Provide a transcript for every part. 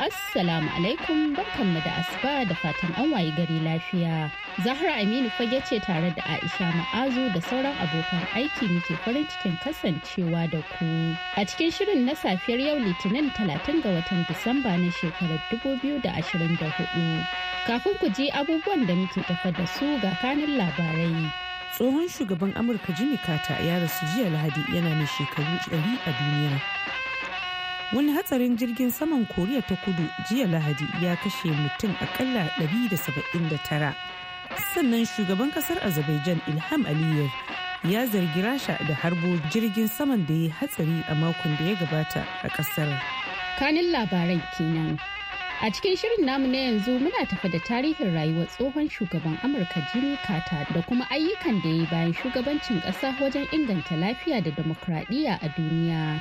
Assalamu alaikum barkanmu da Asba da fatan an waye gari lafiya. Zahra Aminu fage ce tare da Aisha Ma'azu da sauran abokan aiki muke farin cikin kasancewa da ku. A cikin shirin na safiyar yau Litinin talatin ga watan Disamba na shekarar 2024. Kafin ku ji abubuwan da muke tafa da su ga kanin labarai. Tsohon shugaban Amurka Jimmy Carter ya rasu jiya Lahadi yana mai shekaru 100 a duniya. wani hatsarin jirgin saman koriya ta kudu jiya lahadi ya kashe mutum akalla 179 sannan shugaban kasar azerbaijan ilham aliyev ya zargi rasha da harbo jirgin saman da ya hatsari a makon da ya gabata a kasar kanin labarai kenan a cikin shirin namu na yanzu muna tafa da tarihin rayuwar tsohon shugaban amurka jimmy carter da kuma ayyukan da ya yi bayan shugabancin ƙasa wajen inganta lafiya da demokradiyya a duniya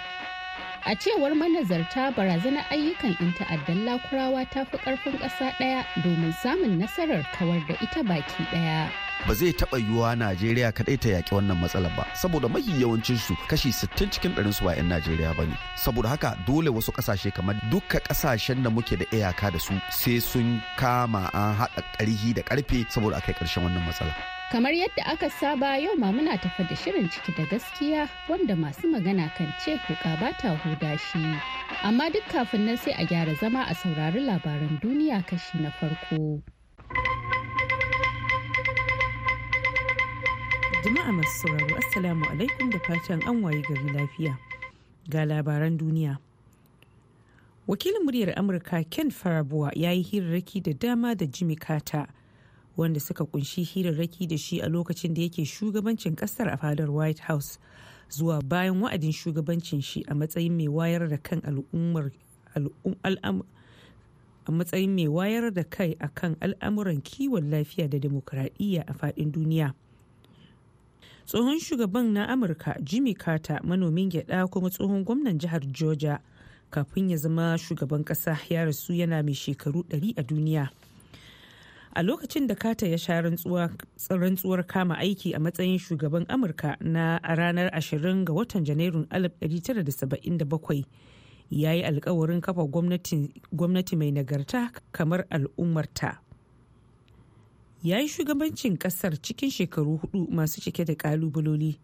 a cewar manazarta barazanar ayyukan 'yan ta'addan lakurawa ta fi karfin ƙasa ɗaya domin samun nasarar kawar da ita baki ɗaya. ba zai taɓa yiwuwa Najeriya kaɗai ta yaƙi wannan matsalar ba saboda mafi yawancin su kashi 60 cikin ɗarin su ba 'yan Najeriya ba ne saboda haka dole wasu ƙasashe kamar duka ƙasashen da muke da iyaka da su sai sun kama an haɗa ƙarfi da ƙarfe saboda akai ƙarshen wannan matsalar. Kamar yadda aka saba yau ma muna tafa da shirin ciki da gaskiya wanda masu magana kan ce kuka ba ta huda shi. Amma duk kafin nan sai a gyara zama a saurari labaran duniya kashi na farko. Jama'a masu sauraro Assalamu alaikum da fatan an waye gari lafiya. Ga labaran duniya. wakilin muryar amurka ken farabuwa ya yi hirarraki da dama da jimmy carter wanda suka kunshi hirarraki da shi a lokacin da yake shugabancin kasar a fadar white house zuwa bayan wa'adin shugabancin shi a matsayin mai wayar da kan al'ummar a matsayin mai wayar da kai a kan al'amuran kiwon lafiya da demokuraɗiyya a faɗin duniya tsohon shugaban na amurka jimmy carter manomin gyaɗa kuma tsohon gwamnan jihar georgia kafin ya zama shugaban ƙasa ya rasu yana mai shekaru 100 a duniya. a lokacin da kata ya sha rantsuwar kama aiki a matsayin shugaban amurka na ranar 20 ga watan janairun 1977 ya yi alkawarin kafa gwamnati mai nagarta kamar al'ummarta ya yi shugabancin kasar cikin shekaru hudu masu cike da kalubaloli.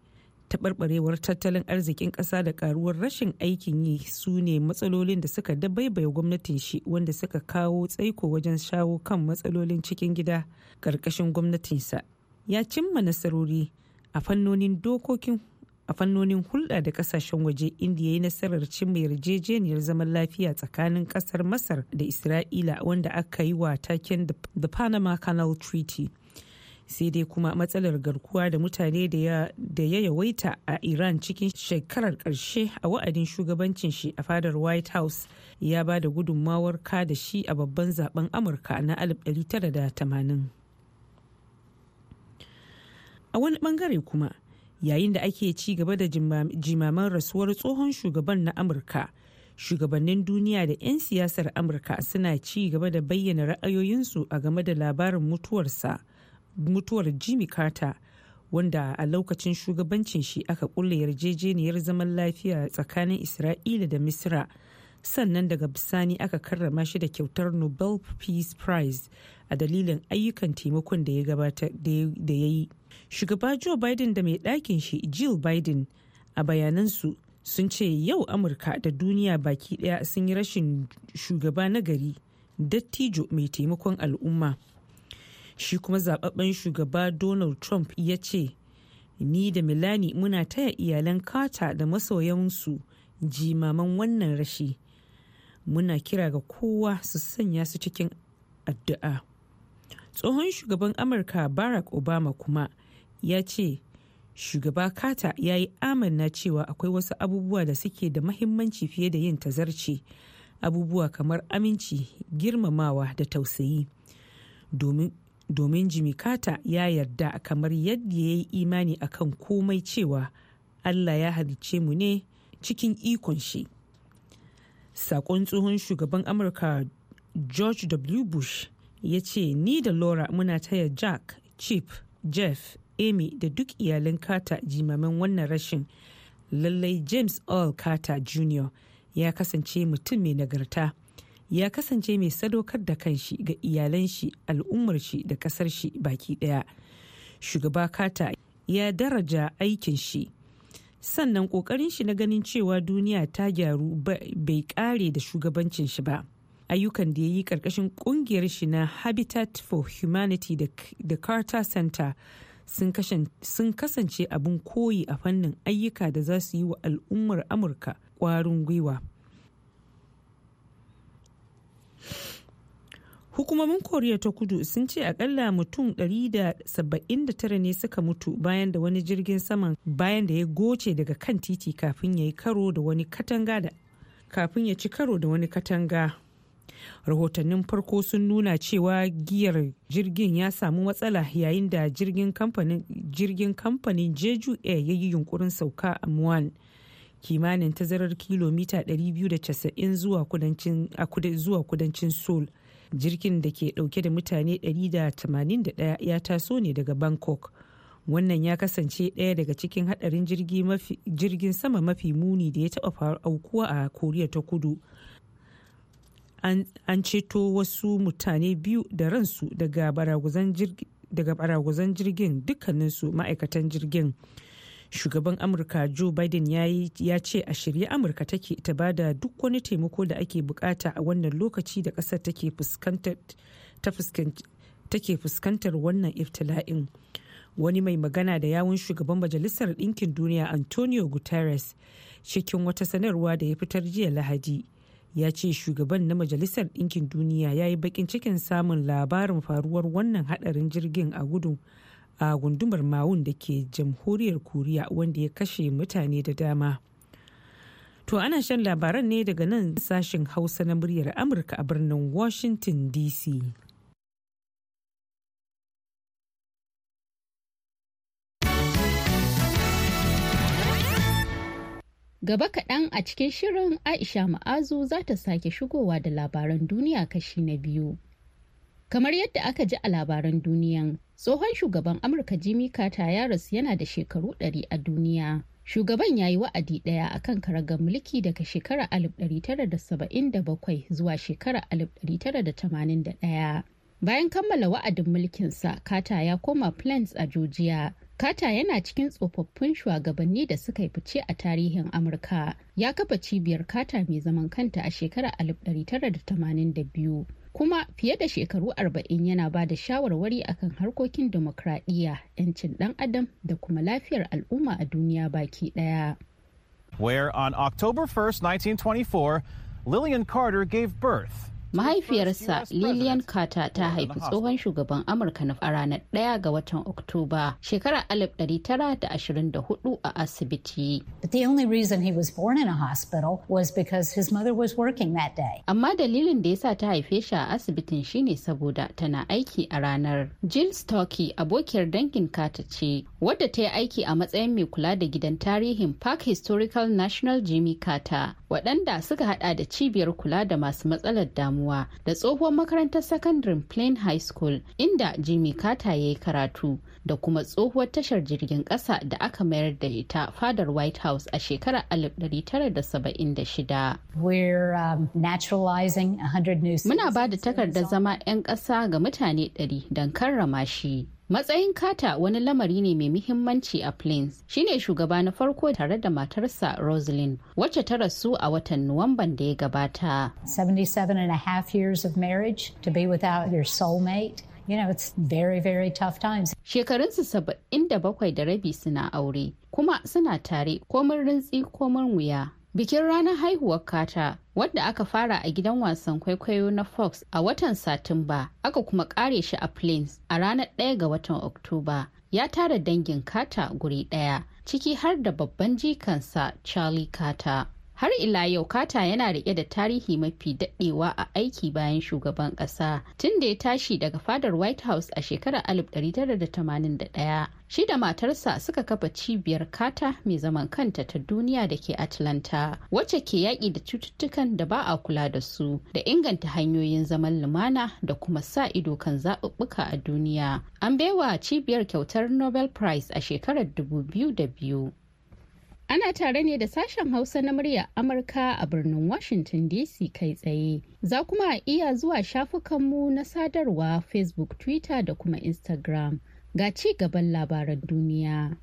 taɓarɓarewar tattalin arzikin ƙasa da ƙaruwar rashin aikin yi su ne matsalolin da suka dabaibaye gwamnatin shi wanda suka kawo tsaiko wajen shawo kan matsalolin cikin gida ƙarƙashin gwamnatinsa ya cimma nasarori a fannonin dokokin a fannonin hulɗa da ƙasashen waje inda ya yi nasarar cimma yarjejeniyar zaman lafiya tsakanin ƙasar masar da isra'ila wanda aka yi wa taken the panama canal treaty sai dai kuma matsalar garkuwa da mutane da ya yawaita a iran cikin shekarar karshe a wa'adin shugabancin shi a fadar white house ya ba da gudunmawar ka da shi a babban zaben amurka na 1980 a wani bangare kuma yayin da ake ci gaba da jimaman rasuwar tsohon shugaban na amurka shugabannin duniya da 'yan siyasar amurka suna ci gaba da bayyana ra'ayoyinsu a game da labarin mutuwarsa mutuwar jimmy carter wanda a lokacin shugabancin shi aka kulle yarjejeniyar zaman lafiya tsakanin isra'ila da misra sannan daga bisani aka karrama shi da kyautar nobel peace prize a dalilin ayyukan taimakon da ya gabata da ya yi shugaba joe biden da mai ɗakin shi jill biden a bayanansu sun ce yau amurka da duniya baki daya sun yi rashin shugaba nagari dattijo mai taimakon al'umma shi kuma zababben shugaba donald trump ya ce ni da milani muna taya iyalan kata da masoyansu jimaman wannan rashi muna kira ga kowa su sanya su cikin addu'a tsohon shugaban amurka barack obama kuma ya ce shugaba kata ya yi amanna cewa akwai wasu abubuwa da suke da mahimmanci fiye da yin tazarci abubuwa kamar aminci girmamawa da tausayi domin domin jimi carter ya yarda kamar yadda ya yi imani akan komai cewa allah ya halicce mu ne cikin ikon shi sakon tsohon shugaban amurka george w bush ya ce ni da laura muna taya jack chip jeff amy da duk iyalin kata jimamin wannan rashin lallai james earl carter jr ya kasance mutum mai nagarta ya kasance mai sadaukar da kanshi ga iyalan shi al'ummar shi da kasar shi baki daya shugaba kata ya daraja aikin shi sannan kokarin shi na ganin cewa duniya ta gyaru bai kare da shugabancin shi ba ayyukan da ya yi karkashin kungiyar shi na habitat for humanity da carter center sun kasance abin koyi a fannin ayyuka da za su yi wa al'ummar amurka kwarin gwiwa hukumomin koriya ta kudu sun ce akalla mutum 179 ne suka mutu bayan da wani jirgin saman bayan da ya goce daga kan titi kafin ya yi karo da wani katanga da kafin ya ci karo da wani katanga rahotannin farko sun nuna cewa giyar jirgin ya samu matsala yayin da jirgin kamfanin jeju air ya yi yunkurin sauka a muwan kimanin tazarar kilomita 290 zuwa kudancin seoul jirgin da ke dauke da mutane 181 ya taso ne daga bangkok wannan ya kasance ɗaya daga cikin hadarin jirgin sama mafi muni da ya taɓa aukuwa a koriya ta kudu an ceto wasu mutane biyu da ransu daga baraguzan jirgin dukkaninsu ma'aikatan jirgin shugaban amurka joe biden ya ce a shirye amurka take ta da duk wani taimako da ake bukata a wannan lokaci da kasar take fuskantar wannan iftila'in wani mai magana da yawun shugaban majalisar ɗinkin duniya antonio guterres cikin wata sanarwa da ya fitar jiya lahadi ya ce shugaban na majalisar ɗinkin duniya ya yi bakin cikin samun labarin faruwar wannan hadarin jirgin a gudun a gundumar mawun da ke jamhuriyar koriya wanda ya kashe mutane da dama to ana shan labaran ne daga nan sashen hausa na muryar amurka a birnin washington dc Gaba kaɗan a cikin shirin Aisha Ma'azu za ta sake shigowa da labaran duniya kashi na biyu. Kamar yadda aka ji a labaran duniyan, tsohon shugaban Amurka Jimmy Carter ya rasu yana da shekaru ɗari a duniya. Shugaban ya yi wa'adi ɗaya a kan karagar mulki daga shekarar 1977 zuwa shekarar 1981. Bayan kammala wa'adin mulkinsa, Carter ya koma Plains a Georgia. kata yana cikin tsofaffin shugabanni da suka yi fice a tarihin Amurka. Ya kafa cibiyar kata mai zaman kanta a shekarar 1982. kuma fiye da shekaru arba'in yana ba da shawarwari akan harkokin demokradiyya 'yancin ɗan adam da kuma lafiyar al'umma a duniya baki ɗaya. Where on October 1st, 1924, Lillian Carter gave birth mahaifiyarsa lilian carter ta haifi tsohon shugaban amurka na a ranar 1 ga watan oktoba shekarar 1924 a asibiti da ashirin da hudu a amma dalilin da ya sa ta haife shi a asibitin shine saboda tana aiki a ranar jill stocky abokiyar dangin carter ce wadda ta yi aiki a matsayin mai kula da gidan tarihin park historical national jimmy carter waɗanda suka hada da cibiyar kula da masu matsalar damuwa da tsohuwar makarantar secondary plain high school inda jimmy carter ya yi karatu da kuma tsohuwar tashar jirgin ƙasa da aka mayar da ita fadar white house a shekarar 1976 um, muna ba da takardar zama 'yan ƙasa ga mutane 100 don karrama shi matsayin kata wani lamari ne mai muhimmanci a plains shine shugaba na farko tare da matarsa rosalind wacce ta rasu a watan nuwamban da ya gabata 77 and a half years of marriage to be without your soulmate you know it's very very tough times shekarunsu saba'in da bakwai da rabi suna aure kuma suna tare komin rintsi komin wuya bikin ranar haihuwar kata wadda aka fara a gidan wasan kwaikwayo na fox a watan satumba aka kuma kare shi a plains a ranar 1 ga watan oktoba ya tara dangin kata guri daya ciki har da babban jikansa charlie kata har ila yau kata yana rike da tarihi mafi daɗewa a aiki bayan shugaban ƙasa tun da ya tashi daga fadar white house a shekarar 1981 shi da matarsa suka kafa cibiyar kata mai zaman kanta ta duniya da ke atlanta wacce ke yaƙi da cututtukan da ba a kula da su da inganta hanyoyin zaman lumana da kuma sa ido kan zaɓuɓɓuka a duniya an baiwa cibiyar kyautar nobel prize a shekarar 2002 Ana tare ne da sashen Hausa na murya Amurka a birnin Washington DC kai tsaye. Za kuma a iya zuwa shafukanmu na sadarwa Facebook, Twitter da kuma Instagram. Ga ci gaban labaran duniya.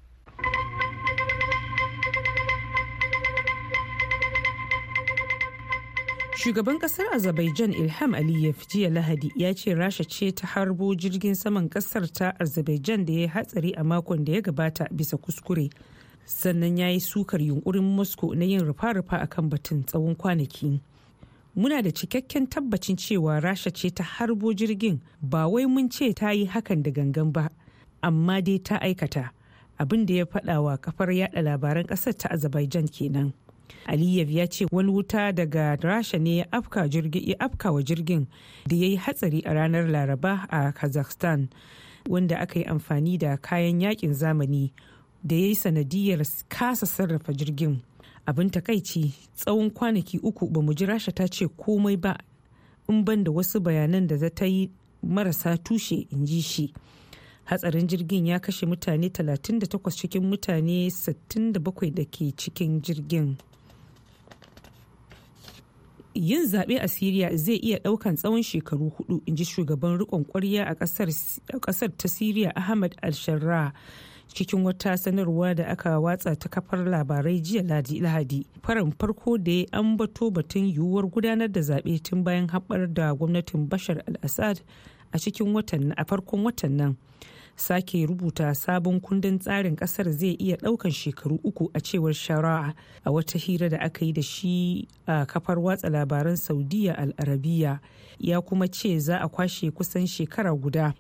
Shugaban kasar Azerbaijan Ilham Aliyev jiya Lahadi ya ce Rasha ce ta harbo jirgin saman kasar ta Azerbaijan da ya hatsari a makon da ya gabata bisa kuskure. sannan ya yi sukar yunkurin moscow na yin rufa-rufa kan batun tsawon kwanaki muna da cikakken tabbacin cewa rasha ce ta harbo jirgin ba wai mun ce ta yi hakan da gangan ba amma dai ta aikata abin da ya faɗa wa kafar yada labaran ƙasar ta azerbaijan kenan aliyev ya ce wani wuta daga rasha ne ya afka wa jirgin da ya yi hatsari a ranar laraba a kazakhstan wanda aka yi amfani da kayan yakin zamani da ya yi sanadiyar kasa sarrafa jirgin abin takaici tsawon kwanaki uku ba mu ji rasha ta ce komai ba in ban da wasu bayanan da za ta yi marasa tushe in ji shi hatsarin jirgin ya kashe mutane 38 cikin mutane 67 da ke cikin jirgin yin zaɓe a siriya zai iya ɗaukan tsawon shekaru hudu in ji shugaban rikon kwarya a ƙasar ta siriya ahmad al-sharra cikin wata sanarwa da aka watsa ta kafar labarai jiya Ladi lahadi farin farko da ya ambato batun yiwuwar gudanar da zaɓe tun bayan haɓar da gwamnatin bashar al-assad a cikin watan a farkon watan nan sake rubuta sabon kundin tsarin kasar zai iya daukan shekaru uku a cewar shara'a a wata hira da aka yi da shi a kafar watsa labaran saudiya arabiya ya kuma ce za a kwashe kusan shekara guda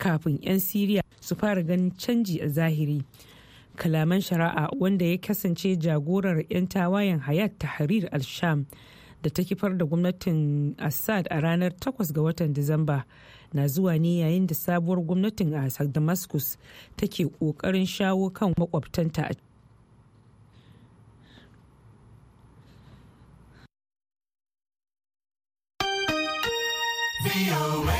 kafin 'yan siriya su fara ganin canji a zahiri kalaman shari'a wanda ya kasance jagorar 'yan tawayen hayat tahrir al-sham da ta kifar da gwamnatin assad a ranar 8 ga watan disamba na zuwa ne yayin da sabuwar gwamnatin a damascus take kokarin shawo kan makwabtanta a VOA.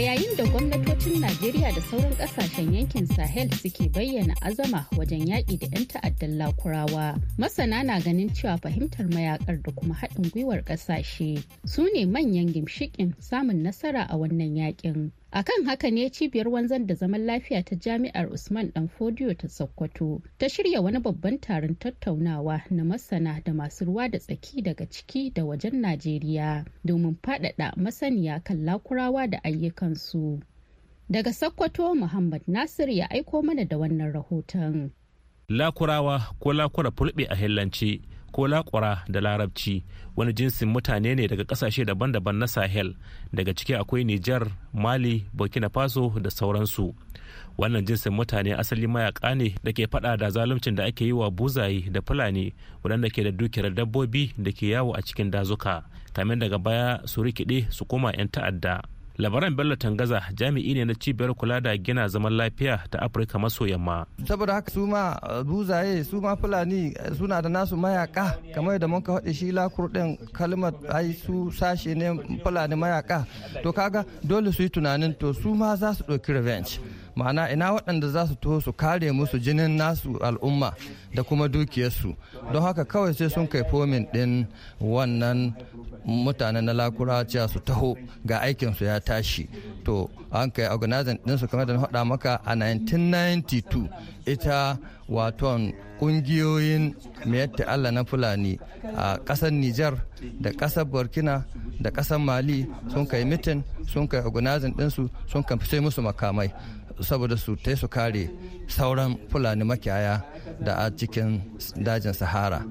yayin da gwamnatocin Najeriya da sauran kasashen yankin Sahel suke bayyana azama wajen yaƙi da 'yan ta'addan lakurawa, masana na ganin cewa fahimtar mayakar da kuma haɗin gwiwar ƙasashe su ne manyan gimshikin samun nasara a wannan yaƙin. akan haka ne cibiyar wanzan da zaman lafiya ta jami'ar usman dan fodiyo ta sokoto ta shirya wani babban taron tattaunawa na masana da masu ruwa da tsaki daga ciki da wajen najeriya domin faɗaɗa masaniya kan lakurawa da ayyukansu daga sokoto muhammad nasir ya aiko mana da wannan rahoton lakurawa ko lakura fulbe a hillance ko lakwara da larabci wani jinsin mutane ne daga kasashe daban-daban na sahel daga ciki akwai nijar mali burkina faso da sauransu wannan jinsin mutane asali mayaka ne da ke fada da zaluncin da ake yi wa buzaye da fulani waɗanda ke da dukiyar dabbobi da ke yawo a cikin dazuka kamin daga baya su rikide su koma 'yan ta'adda labaran bello tangaza jami'i ne na cibiyar kula da gina zaman lafiya ta afirka maso yamma saboda haka su ma uh, buzaye su ma fulani uh, suna da nasu mayaka kamar da mun ka faɗi shi lakur ɗin kalmar ai su sashe ne fulani mayaka to kaga dole su yi tunanin to su ma za su ɗauki revenge ma'ana ina waɗanda za su taho su kare musu jinin nasu al'umma da kuma dukiyarsu don haka kawai sai sun kai fomin ɗin wannan mutane na lakura su taho ga aikinsu ya tashi to an kai organizing ɗinsu kamar da na haɗa maka a 1992 ita waton ƙungiyoyin mayatta allah na fulani a ƙasar nijar da ƙasar burkina da ƙasar mali sun kai mitin sun kai organizing ɗinsu sun kamfi sai musu makamai saboda su tai su kare sauran fulani makiyaya da a cikin dajin sahara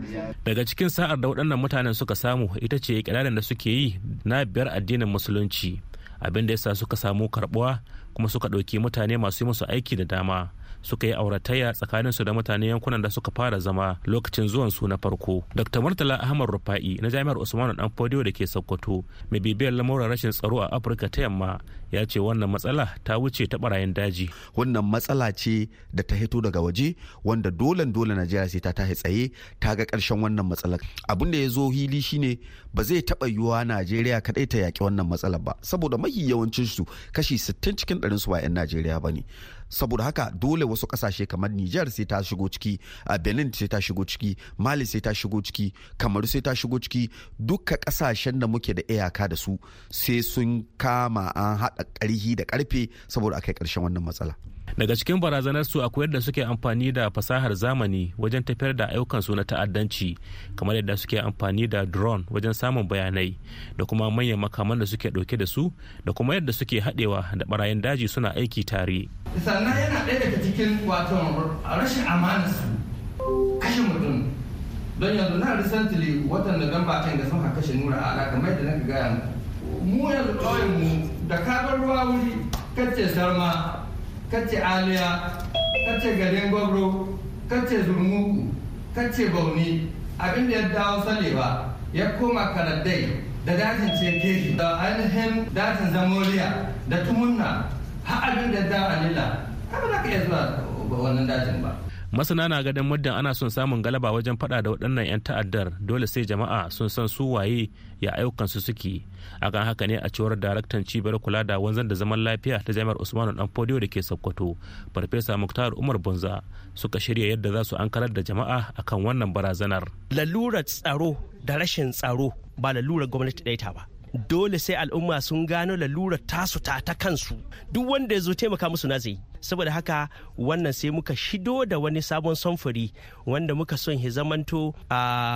daga cikin sa'ar da waɗannan mutanen suka samu ita ce ikirarin da suke yi na biyar addinin musulunci abinda da yasa suka samu karbuwa kuma suka ɗauki mutane masu yi musu aiki da dama suka yi auratayya tsakanin su da mutane yankunan da suka fara zama lokacin zuwan su na farko dr murtala ahmad rufa'i na jami'ar usmanu dan fodiyo da ke sokoto mai bibiyar lamuran rashin tsaro a afirka ta yamma ya ce wannan matsala ta wuce ta barayin daji wannan matsala ce da ta hito daga waje wanda dole dole najeriya sai ta tahi tsaye ta ga karshen wannan matsalar abin da ya zo hili shine ba zai taba yiwuwa najeriya kaɗai ta yaki wannan matsalar ba saboda mahi yawancin su kashi 60 cikin 100 su ba 'yan najeriya ba ne saboda haka dole wasu kasashe kamar Nijar sai ta shigo ciki Benin sai ta shigo ciki Mali sai ta shigo ciki kamar sai ta shigo ciki duka kasashen da muke da iyaka da su sai sun kama an haɗa ƙarfi da ƙarfe saboda akai ƙarshen wannan matsala. daga cikin barazanar su akwai yadda suke amfani da fasahar zamani wajen tafiyar da ayyukan su na ta'addanci kamar yadda suke amfani da drone wajen samun bayanai da kuma manyan makaman da suke dauke da su da kuma yadda suke haɗewa da barayin daji suna aiki tare sannan yana ɗaya daga cikin wato rashin amana su kashe mutum don yanzu na recently watan Nuwamba kan da sun kashe nura ala kamar yadda na gaya mu yanzu kawai mu da kabar ruwa wuri kacce sarma kace aliya kace garin gwabro kace zurmugu kace bauni abin da ya dawo salewa ya koma kanadai da dajin cekeji da ainihin dajin zamoriya da tumunna har abin da ya dawo alila kada ka iya zuwa wannan dajin ba masana na ganin muddin ana son samun galaba wajen fada da waɗannan 'yan ta'addar dole sai jama'a sun san su waye ya ayyukansu suke kan haka ne a cewar daraktan cibiyar kula da wanzan da zaman lafiya ta jami'ar usmanu dan fodiyo da ke sokoto farfesa muktar umar bunza suka shirya yadda za su ankarar da jama'a akan wannan barazanar lalurar tsaro da rashin tsaro ba lalurar gwamnati ɗaya ta ba dole sai al'umma sun gano lalura tasu ta ta kansu duk wanda ya zo taimaka musu na zai saboda haka wannan sai muka shido da wani sabon samfuri wanda muka son ya zamanto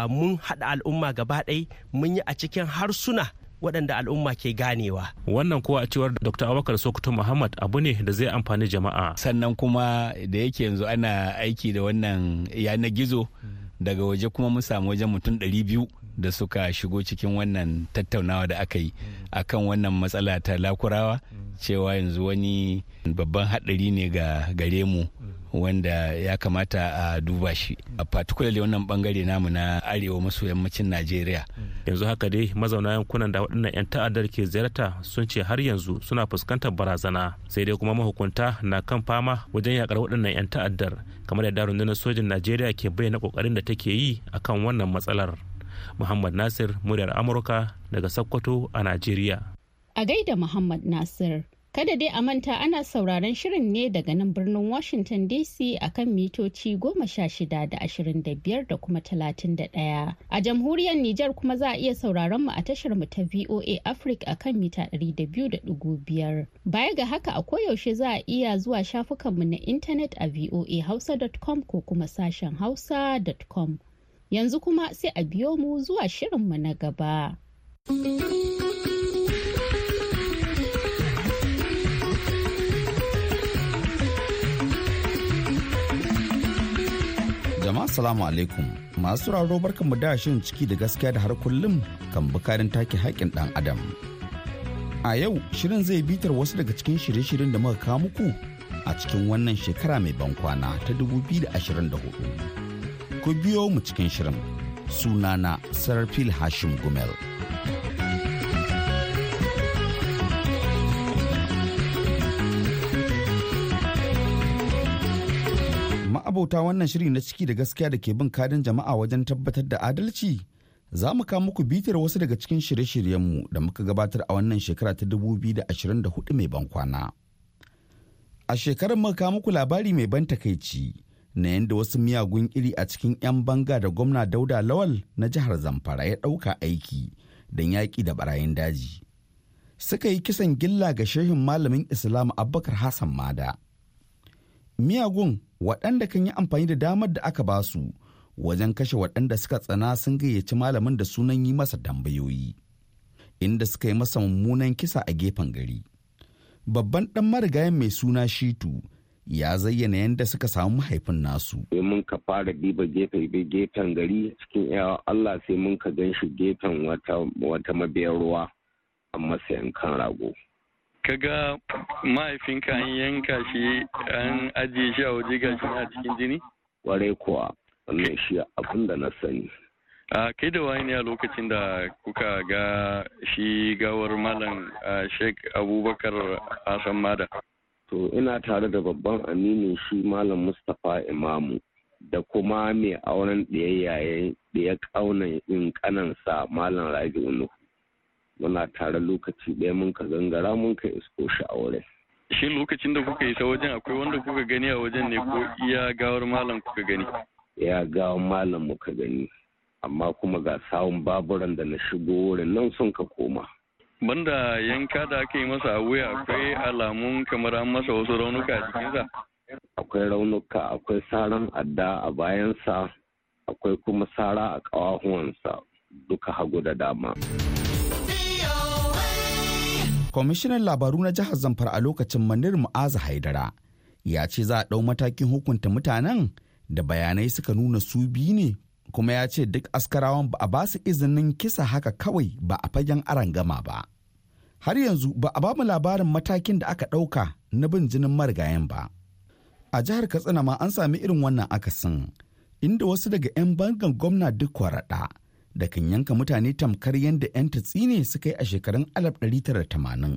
mun haɗa al'umma gaba ɗai mun yi a cikin harsuna waɗanda al'umma ke ganewa. Wannan kuwa a cewar Dr. Abubakar Sokoto Muhammad abu ne da zai amfani jama'a. Sannan kuma da yake yanzu ana aiki da wannan yanar gizo hmm. daga waje kuma mun samu wajen mutum ɗari biyu da suka shigo cikin wannan tattaunawa da aka yi mm. a kan wannan matsala ta lakurawa mm. cewa yanzu wani babban haɗari ne ga gare mu mm. wanda ya kamata a duba shi a particularly wannan bangare namu na arewa maso yammacin najeriya yanzu haka dai mazauna yankunan da waɗannan 'yan ta'addar ke ziyarta sun ce har yanzu suna fuskantar barazana sai dai kuma mahukunta na kan fama wajen yakar waɗannan 'yan ta'addar kamar yadda rundunar sojin najeriya ke bayyana ƙoƙarin da take yi akan wannan matsalar Muhammad Nasir muryar Amurka daga Sokoto a Najeriya. A gaida Muhammad Nasir. Kada dai a manta ana sauraron shirin ne daga nan birnin Washington DC a kan mitoci goma sha shida da ashirin da biyar da kuma talatin da ɗaya. A jamhuriyar Nijar kuma za a iya sauraron mu a tashar mu ta VOA Africa a kan mita ɗari da biyu da ɗigo biyar. Baya ga haka a koyaushe za a iya zuwa shafukanmu na intanet a voahausa.com ko kuma sashen hausa.com. Yanzu kuma sai a biyo mu zuwa shirinmu na gaba. Jama'a salamu alaikum masu raro barkanmu da shirin ciki da gaskiya da har kullum kan bukarin take haƙƙin ɗan adam. A yau shirin zai bitar wasu daga cikin shirye-shiryen da muka kawo muku a cikin wannan shekara mai bankwana ta 2024. ku biyo mu cikin shirin Suna sunana sarfil hashim gumel ma'abota wannan shiri na ciki da gaskiya da ke bin kadin jama'a wajen tabbatar da adalci za mu kawo muku bitar wasu daga cikin shirye-shiryenmu da muka gabatar a wannan shekara ta 2024 mai ban kwana. A shekarar muka kawo muku labari mai ban takaici na yadda wasu miyagun iri a cikin 'yan banga da gwamna dauda lawal na jihar zamfara ya ɗauka aiki don yaƙi da barayin daji suka yi kisan gilla ga shehin malamin islam abubakar hassan mada miyagun waɗanda kan yi amfani da damar da aka ba su wajen kashe waɗanda suka tsana sun gayyaci malamin da sunan yi masa tambayoyi inda suka yi masa mummunan kisa a gefen gari babban ɗan marigayen mai suna shitu ya zayyana yadda suka samu mahaifin nasu. Sai mun ka fara diba gefe gefen gari cikin yawa Allah sai mun ka gan shi gefen wata mabiyar ruwa a matsayin kan rago. Kaga mahaifinka an yanka shi an ajiye shi a waje ga gashi a cikin jini? Ware kuwa wannan shi abin da na sani. a kai da wani ne a lokacin da kuka ga shi gawar malam sheik abubakar hassan mada to ina tare da babban aminin shi malam mustapha imamu da kuma mai auren ɗaya ya ƙaunan in ƙanansa malam Rage unu muna tare lokaci ɗaya mun ka gangara mun ka isko shi a wurin. shi lokacin da kuka isa wajen akwai wanda kuka gani a wajen ne ko iya gawar malam kuka gani iya gawar malam muka gani amma kuma ga sawun baburan da na shigo wurin nan sun ka koma banda yanka da aka yi masa a wuya akwai alamun kamar an masa wasu raunuka a jikinsa akwai raunuka akwai saran adda a bayansa akwai kuma sara a kawahuwansa duka hagu da dama kwamishinan labaru na jihar zamfara a lokacin manir ma'aza haidara ya ce za a ɗau matakin hukunta mutanen da bayanai suka nuna su biyu ne kuma ya ce duk askarawan ba a basu izinin kisa haka kawai ba a fagen arangama ba har yanzu ba a bamu labarin matakin da aka ɗauka na bin jinin marigayen ba a jihar katsina ma an sami irin wannan akasin inda wasu daga 'yan bangan gwamna duk kwaraɗa da kan yanka mutane tamkar yadda 'yan tsine suka yi a shekarun ɗari tara tamanin.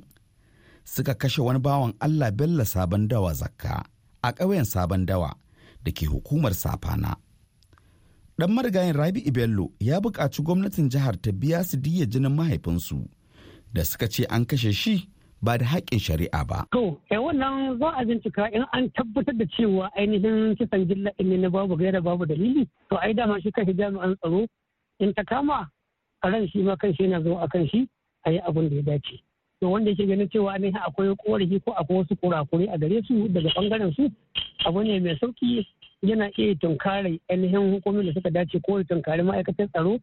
suka kashe wani bawan allah bello sabon dawa zakka a ƙauyen sabon dawa da ke hukumar safana Ɗan marigayen rabi'u bello ya buƙaci gwamnatin jihar ta biya su diya jinin mahaifinsu da suka ce an kashe shi ba da haƙƙin shari'a ba. To, eh wannan za a bincika in an tabbatar da cewa ainihin kisan gilla ne na babu gaira babu dalili, to ai dama shi kashe jami'an tsaro in ta kama a ran shi ma kan shi yana zuwa akan shi a yi abin da ya dace. To wanda yake ganin cewa ne akwai korafi ko akwai wasu kurakuri a gare su daga bangaren su abu ne mai sauki yana iya tunkare ainihin hukumomi da suka dace ko tunkare ma'aikatan tsaro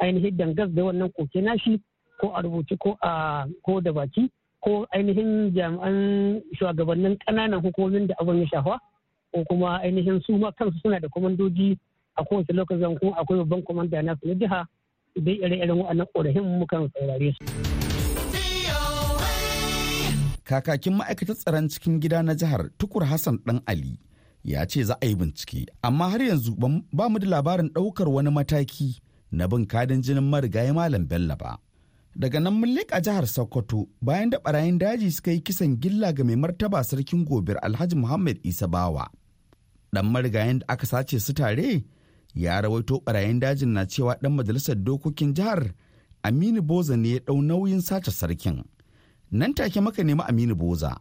ainihin dangas da wannan koke nashi ko a rubuce ko a ko da baki ko ainihin jami'an shugabannin ƙananan hukumomin da abin ya shafa ko kuma ainihin su ma kansu suna da kwamandoji a kowace lokacin kuma akwai babban kwamanda na na jiha idan ire-iren waɗannan ƙorafin mukan saurare su. Kakakin ma'aikatar tsaron cikin gida na jihar Tukur Hassan Dan Ali ya ce za a yi bincike, amma har yanzu ba mu da labarin ɗaukar wani mataki na bin kadin jinin marigayi Malam Bello ba. daga nan mun leƙa jihar sokoto bayan da barayin daji suka yi kisan gilla ga mai martaba sarkin gobir alhaji muhammad isa bawa dan marigayen da aka sace su tare ya rawaito barayin dajin na cewa dan majalisar dokokin jihar aminu boza ne ya ɗau nauyin sace sarkin nan take maka nema aminu boza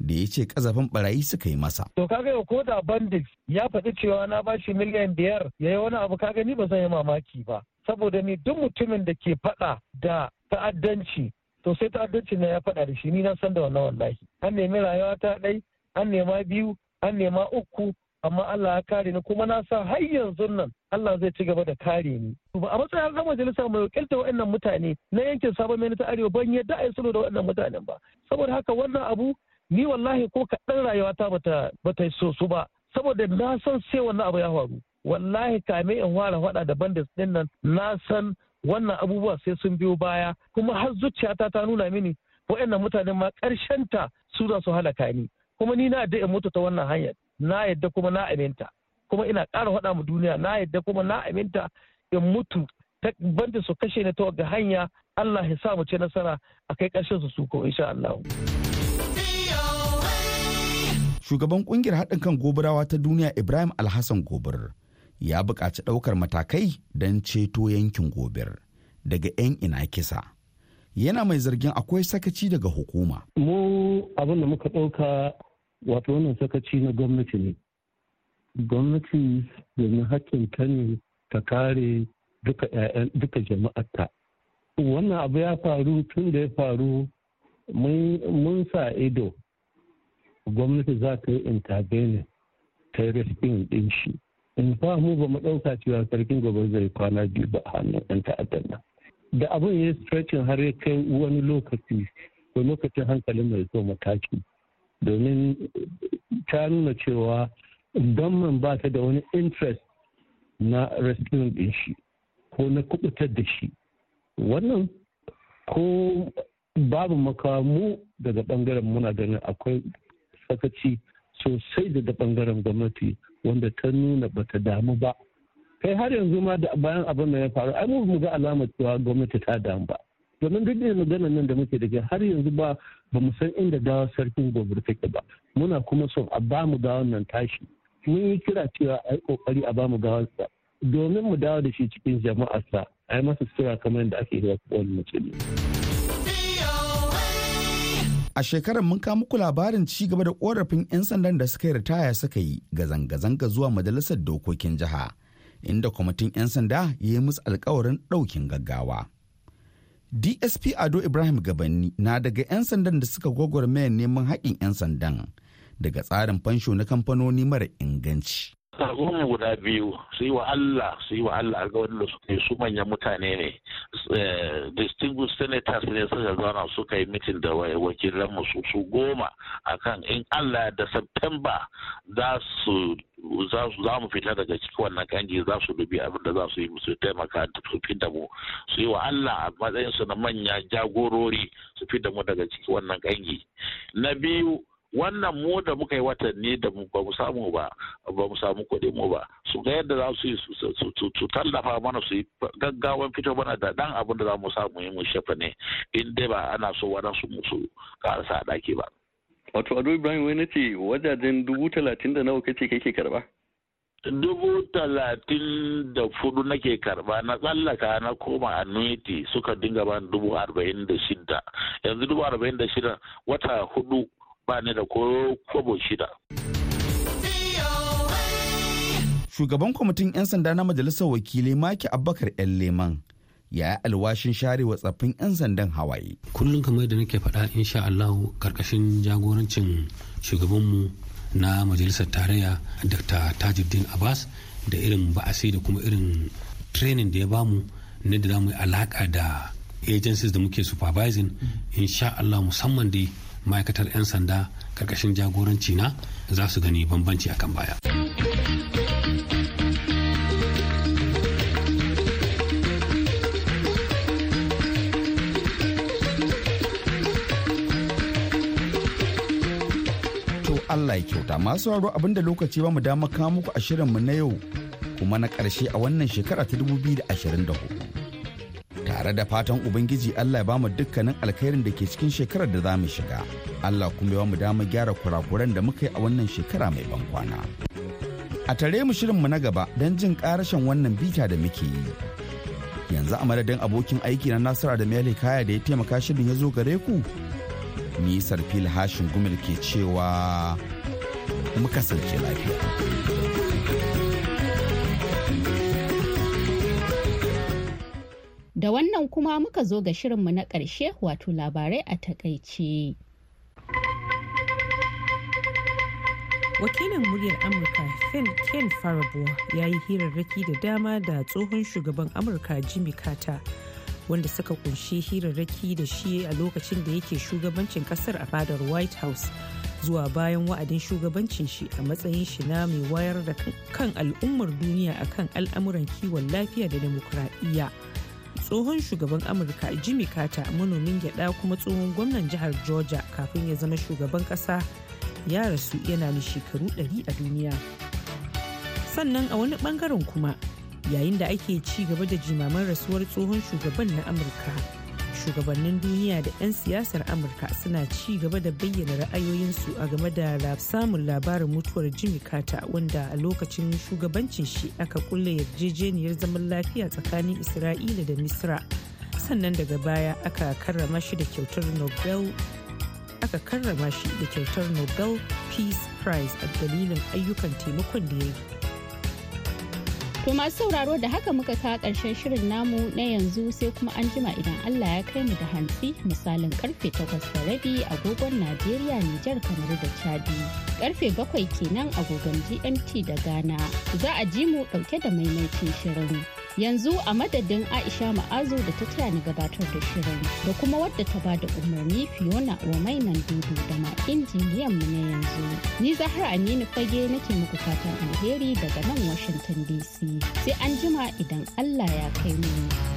da ya ce kazafin barayi suka yi masa. To kaga yau ko da bandit ya faɗi cewa na bashi miliyan biyar ya yi wani abu kaga ni ba zan yi mamaki ba. saboda ni duk mutumin da ke faɗa da ta'addanci to sai ta'addanci na ya faɗa da shi ni na san da wannan wallahi an nemi rayuwa ta ɗai an nema biyu an nema uku amma Allah ya kare ni kuma na san har yanzu nan Allah zai ci gaba da kare ni. A matsayin ɗan majalisa mai wakilta wa'annan mutane na yankin sabon mai ta arewa ban yadda a yi da wa'annan mutanen ba. Saboda haka wannan abu ni wallahi ko kaɗan rayuwata bata bata so su ba. Saboda na san sai wannan abu ya faru. wallahi kame in wara faɗa da bandits ɗin nan na san wannan abubuwa sai sun biyo baya kuma har zuciyata ta nuna mini wa'annan mutanen ma ta su za su halaka ni kuma ni na yadda in mutu ta wannan hanyar na yadda kuma na aminta kuma ina ƙara faɗa mu duniya na yadda kuma na aminta in mutu ta banda su kashe ni ta ga hanya Allah ya sa mu ce nasara a kai ƙarshen su su ko insha Allah. Shugaban kungiyar haɗin kan gobarawa ta duniya Ibrahim Alhassan Gobar. ya buƙaci ɗaukar matakai don ceto yankin gobir daga 'yan ina kisa. yana mai zargin akwai sakaci daga hukuma. Mu abin da muka ɗauka wato wannan sakaci na gwamnati ne. Gwamnati domin hakkin ta ne ta kare duka jama'arta. Wannan abu ya faru tun da ya faru mun sa ido. Gwamnati za ta yi intervene ta yi ɗin shi. in fa mu ba mu ɗauka cewa sarkin gobe zai kwana biyu ba hannun ɗan ta'addan nan da abin ya stretchin har ya kai wani lokaci ko lokacin hankalin mai so mataki domin ta nuna cewa gwamnan ba ta da wani interest na rescuing ɗin shi ko na kubutar da shi wannan ko babu makamu daga ɓangaren muna ganin akwai sakaci sosai da bangaren gwamnati wanda ta nuna bata damu ba kai har yanzu ma da bayan abin da ya faru ai mu ga alamar cewa gwamnati ta damu ba domin duk da maganar nan da muke da har yanzu ba ba mu san inda dawa sarkin gobe take ba muna kuma so a ba mu gawan nan tashi mun yi kira cewa ai kokari a ba mu gawan sa domin mu dawo da shi cikin jama'a sa ai masa sura kamar yadda ake yi wa kowane mutum a shekarar mun kawo muku labarin ci gaba da korafin 'yan sandan da suka yi ritaya suka yi ga zanga-zanga zuwa majalisar dokokin jiha inda kwamitin 'yan sanda ya yi musu alkawarin ɗaukin gaggawa dsp ado ibrahim gabanni na daga 'yan sandan da suka gwagwarmayar neman haƙƙin 'yan sandan daga tsarin fansho na kamfanoni mara inganci sabon guda biyu su yi wa Allah su yi wa Allah alkawarin da suka yi su manyan mutane ne eh, distinguished senators ne suka zauna suka yi mitin da wakilan musu su goma akan in Allah da September za su za mu fita daga cikin wannan kangi za su dubi abin da za su yi musu taimaka su da mu su yi wa Allah a matsayin na manya jagorori su da mu daga cikin wannan kangi na biyu wannan mu da muka yi watanni da ba mu samu ba ba mu samu kuɗi mu ba su ga yadda za su yi su tallafa mana su yi gaggawan fito mana da dan abin da za mu samu yi mu shafa ne in dai ba ana so waɗansu musu karasa a ɗaki ba. Wato Ado Ibrahim wai na ce wajajen dubu talatin da nawa kace kake karba? dubu talatin da fudu nake karba na tsallaka na koma annuity suka dinga ban dubu arba'in da shida yanzu dubu arba'in da shida wata hudu ba ni da ko kobo shida. Shugaban kwamitin 'yan sanda na majalisar wakilai Maki Abubakar 'yan Leman ya yi alwashin share wa tsaffin 'yan sandan hawaye. Kullum kamar da nake faɗa insha Allahu karkashin jagorancin shugabanmu na majalisar tarayya Dr. Tajuddin Abbas da irin ba'asi da kuma irin training da ya bamu na da za mu yi alaƙa da agencies da muke supervising insha Allah musamman dai ma'aikatar 'yan sanda karkashin jagoranci na za su gani bambanci akan baya. to Allah ya kyauta masu abin abinda lokaci ba mu dama kawo muku a shirinmu na yau kuma na ƙarshe a wannan shekara ta 2024. tare da fatan ubangiji allah ya bamu dukkanin alkhairin da ke cikin shekarar da za mu shiga allah kuma ya mu dama gyara kurakuran da muka yi a wannan shekara mai ban kwana a tare mu shirin mu na gaba don jin karashin wannan bita da muke yi yanzu a madadin abokin aiki na nasara da mele kaya da ya taimaka shirin ya zo gare ku ni sarfil hashin gumil ke cewa muka kasance lafiya Da wannan kuma muka zo ga shirinmu na ƙarshe wato labarai a takaice. wakilin muryar amurka phil ken farabo ya yi hirarraki da dama da tsohon shugaban amurka jimmy carter wanda suka kunshi hirarraki da shi a lokacin da yake shugabancin kasar a fadar white house zuwa bayan wa'adin shugabancin shi a matsayin shi na mai wayar da kan al'ummar duniya akan al'amuran kiwon lafiya da demokuraɗiyya. tsohon shugaban amurka jimmy carter manomin gyada kuma tsohon gwamnan jihar georgia kafin ya zama shugaban kasa ya rasu yana da shekaru 100 a duniya sannan a wani bangaren kuma yayin da ake ci gaba da jimaman rasuwar tsohon shugaban na amurka shugabannin duniya da 'yan siyasar amurka suna ci gaba da bayyana ra'ayoyinsu a game da samun labarin mutuwar jimmy carter wanda a lokacin shugabancin shi aka kulle yarjejeniyar zaman lafiya tsakanin isra'ila da misra sannan daga baya aka karrama shi da kyautar nobel aka karrama shi da kyautar nobel peace prize a dalilin ayyukan taimakon da ya yi To masu sauraro da haka muka kawo ƙarshen shirin namu na yanzu sai kuma an jima idan Allah ya kai mu da hantsi misalin karfe takwas da rabi agogon Najeriya Nijar kamar da Chadi. Karfe bakwai kenan agogon GMT da Ghana. Za a ji mu ɗauke da maimaicin shirin. yanzu a madadin aisha ma'azu da ta taya ni gabatar da shirin da kuma wadda ta bada umarni fiona wamainan dudu da ma injiniyan mu na yanzu ni zahra aminu fage nake muku fatan alheri daga nan washington dc sai an jima idan allah ya kai mu